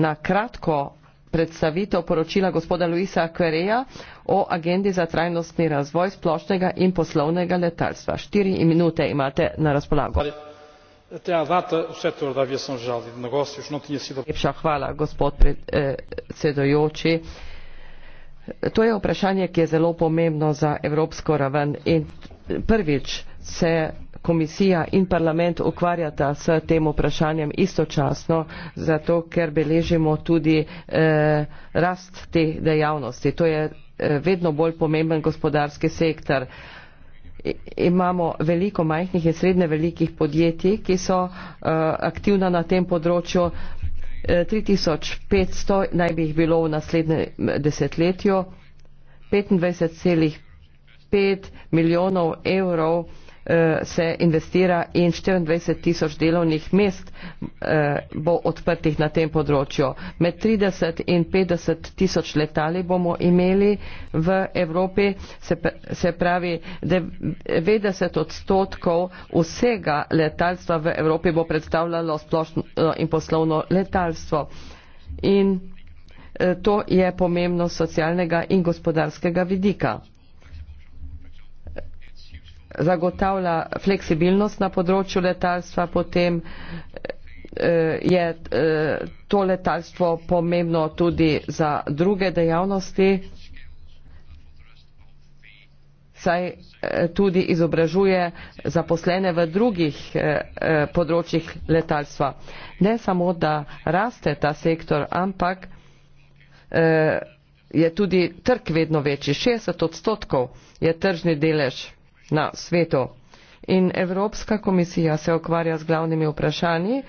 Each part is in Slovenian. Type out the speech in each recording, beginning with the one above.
na kratko predstavitev poročila gospoda Luisa Akvereja o agendi za trajnostni razvoj splošnega in poslovnega letalstva. Štiri minute imate na razpolago. Lepša hvala, gospod predsedujoči. To je vprašanje, ki je zelo pomembno za evropsko raven in prvič se komisija in parlament ukvarjata s tem vprašanjem istočasno, zato ker beležimo tudi eh, rast te dejavnosti. To je eh, vedno bolj pomemben gospodarski sektor. Imamo veliko majhnih in srednje velikih podjetij, ki so eh, aktivna na tem področju. Eh, 3500 naj bi jih bilo v naslednjem desetletju. 25,5 milijonov evrov eh, Eh, se investira in 24 tisoč delovnih mest eh, bo odprtih na tem področju. Med 30 in 50 tisoč letali bomo imeli v Evropi, se pravi 90 odstotkov vsega letalstva v Evropi bo predstavljalo splošno eh, in poslovno letalstvo. In to je pomembno socialnega in gospodarskega vidika zagotavlja fleksibilnost na področju letalstva, potem eh, je eh, to letalstvo pomembno tudi za druge dejavnosti, saj eh, tudi izobražuje zaposlene v drugih področjih letalstva. Ne samo, da raste ta sektor, ampak je tudi trg vedno večji. 60 odstotkov je tržni delež na svetu. In Evropska komisija se okvarja z glavnimi vprašanji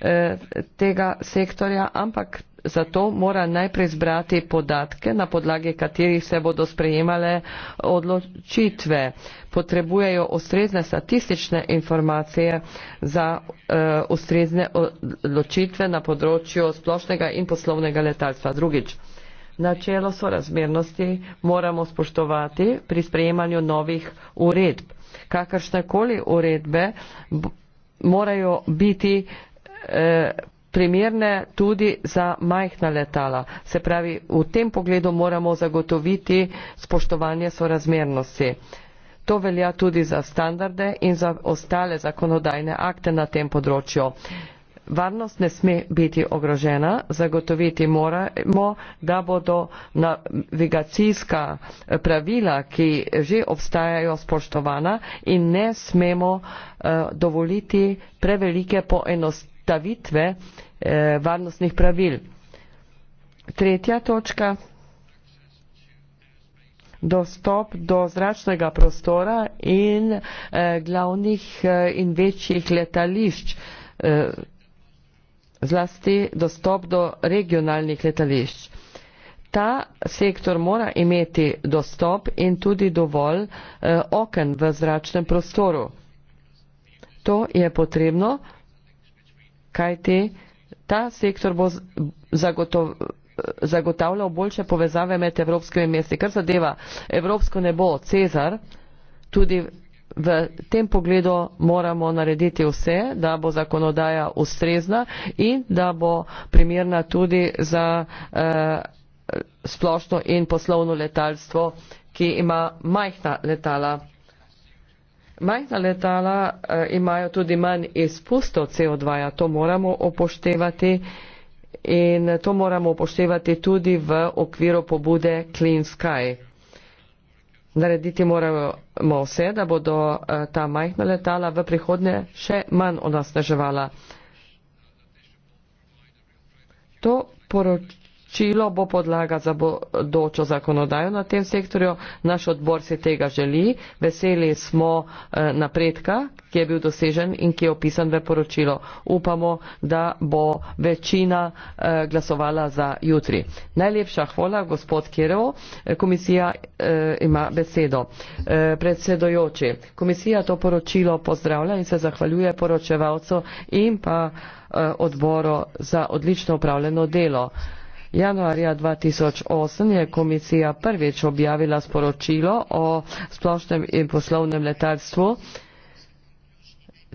eh, tega sektorja, ampak zato mora najprej zbrati podatke, na podlagi katerih se bodo sprejemale odločitve. Potrebujejo ustrezne statistične informacije za eh, ustrezne odločitve na področju splošnega in poslovnega letalstva. Drugič. Eh, Načelo sorazmernosti moramo spoštovati pri sprejemanju novih uredb. Kakršnekoli uredbe morajo biti eh, primerne tudi za majhna letala. Se pravi, v tem pogledu moramo zagotoviti spoštovanje sorazmernosti. To velja tudi za standarde in za ostale zakonodajne akte na tem področju varnost ne sme biti ogrožena, zagotoviti moramo, da bodo navigacijska pravila, ki že obstajajo, spoštovana in ne smemo uh, dovoliti prevelike poenostavitve uh, varnostnih pravil. Tretja točka. Dostop do zračnega prostora in eh, glavnih eh, in večjih letališč. Eh, zlasti dostop do regionalnih letališč. Ta sektor mora imeti dostop in tudi dovolj eh, oken v zračnem prostoru. To je potrebno, kajti ta sektor bo zagotov, zagotavljal boljše povezave med evropskimi mesti. Kar zadeva evropsko nebo, Cezar, tudi v tem pogledu moramo narediti vse, da bo zakonodaja ustrezna in da bo primerna tudi za eh, splošno in poslovno letalstvo, ki ima majhna letala. Majhna letala eh, imajo tudi manj izpustov CO2, -ja. to moramo upoštevati. In to moramo upoštevati tudi v okviru pobude Clean Sky. Narediti moramo vse, da bodo eh, ta majhna letala v prihodnje še manj onasneževala. To poročilo poročilo bo podlaga za bodočo zakonodajo na tem sektorju. Naš odbor se tega želi. Veseli smo eh, napredka, ki je bil dosežen in ki je opisan v poročilo. Upamo, da bo večina eh, glasovala za jutri. Najlepša hvala, gospod Kirov. Eh, komisija ima besedo. Predsedojoči, komisija to poročilo pozdravlja in se zahvaljuje poročevalcu in pa odboru za odlično upravljeno delo. Januarja 2008 je komisija prvič objavila sporočilo o splošnem in poslovnem letalstvu,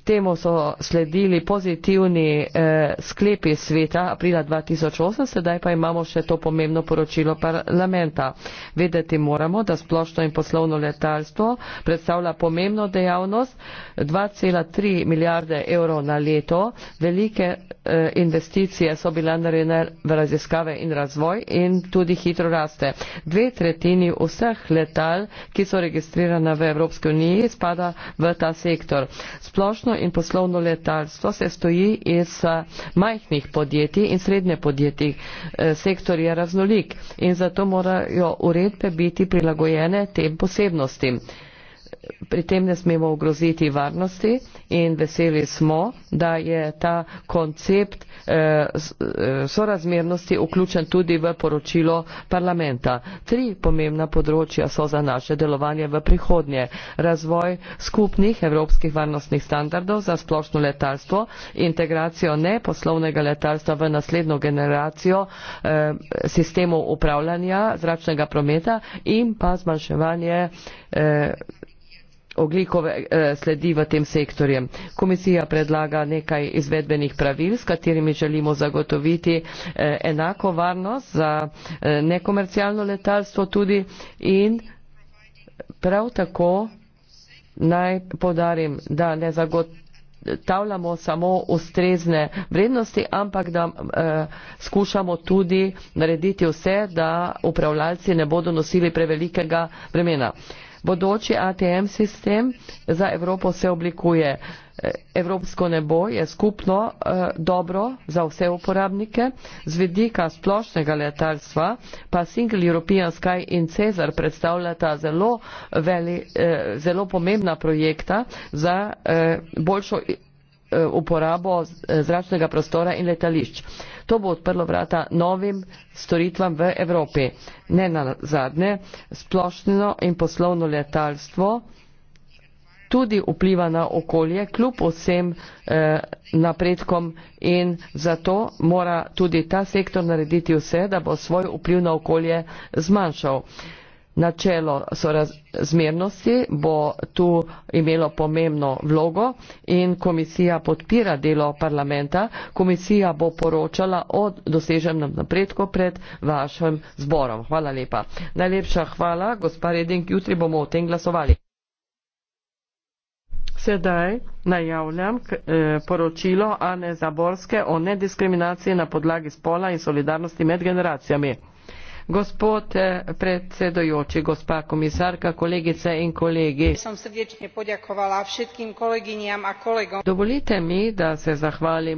temu so sledili pozitivni eh, sklepi sveta aprila 2008, sedaj pa imamo še to pomembno poročilo parlamenta. Vedeti moramo, da splošno in poslovno letalstvo predstavlja pomembno dejavnost 2,3 milijarde evrov na leto. Velike eh, investicije so bile narejene v raziskave in razvoj in tudi hitro raste. Dve tretjini vseh letal, ki so registrirana v Evropski uniji, spada v ta sektor. Splošno in poslovno letalstvo se stoji iz eh, majhnih podjetij in srednje podjetij. Eh, sektor je raznolik in zato morajo uredbe biti prilagojene tem posebnostim pri tem ne smemo ogroziti varnosti in veseli smo, da je ta koncept eh, eh, sorazmernosti vključen tudi v poročilo parlamenta. Tri pomembna področja so za naše delovanje v prihodnje. Razvoj skupnih evropskih varnostnih standardov za splošno letalstvo, integracijo neposlovnega letalstva v naslednjo generacijo eh, sistemov upravljanja zračnega prometa in pa zmanjševanje oglikove eh, sledi v tem sektorju. Komisija predlaga nekaj izvedbenih pravil, s katerimi želimo zagotoviti eh, enako varnost za eh, nekomercialno letalstvo tudi in prav tako naj podarim, da ne zagotovimo tavljamo samo ustrezne vrednosti, ampak da eh, skušamo tudi narediti vse, da upravljalci ne bodo nosili prevelikega bremena. Eh, bodoči ATM sistem za Evropo se oblikuje. Evropsko nebo je skupno eh, dobro za vse uporabnike, z vidika splošnega letalstva pa Single European Sky in Cezar predstavljata zelo, veli, eh, zelo pomembna projekta za eh, boljšo eh, uporabo eh, zračnega prostora in letališča. To bo odprlo vrata novim storitvam v Evropi. Ne na zadnje, splošno in poslovno letalstvo tudi vpliva na okolje, kljub vsem eh, napredkom in zato mora tudi ta sektor narediti vse, da bo svoj vpliv na okolje zmanjšal. Eh, načelo sorazmernosti bo tu imelo pomembno vlogo in komisija podpira delo parlamenta. Komisija bo poročala o doseženem napredku pred vašim zborom. Hvala lepa. Najlepša hvala, gospa Reding, jutri bomo o tem glasovali. Sedaj najavljam eh, poročilo Ane Zaborske o nediskriminaciji na podlagi spola in solidarnosti med generacijami. Gospod eh, predsedujoči, gospa komisarka, kolegice in kolegi. Dovolite mi, da se zahvalim.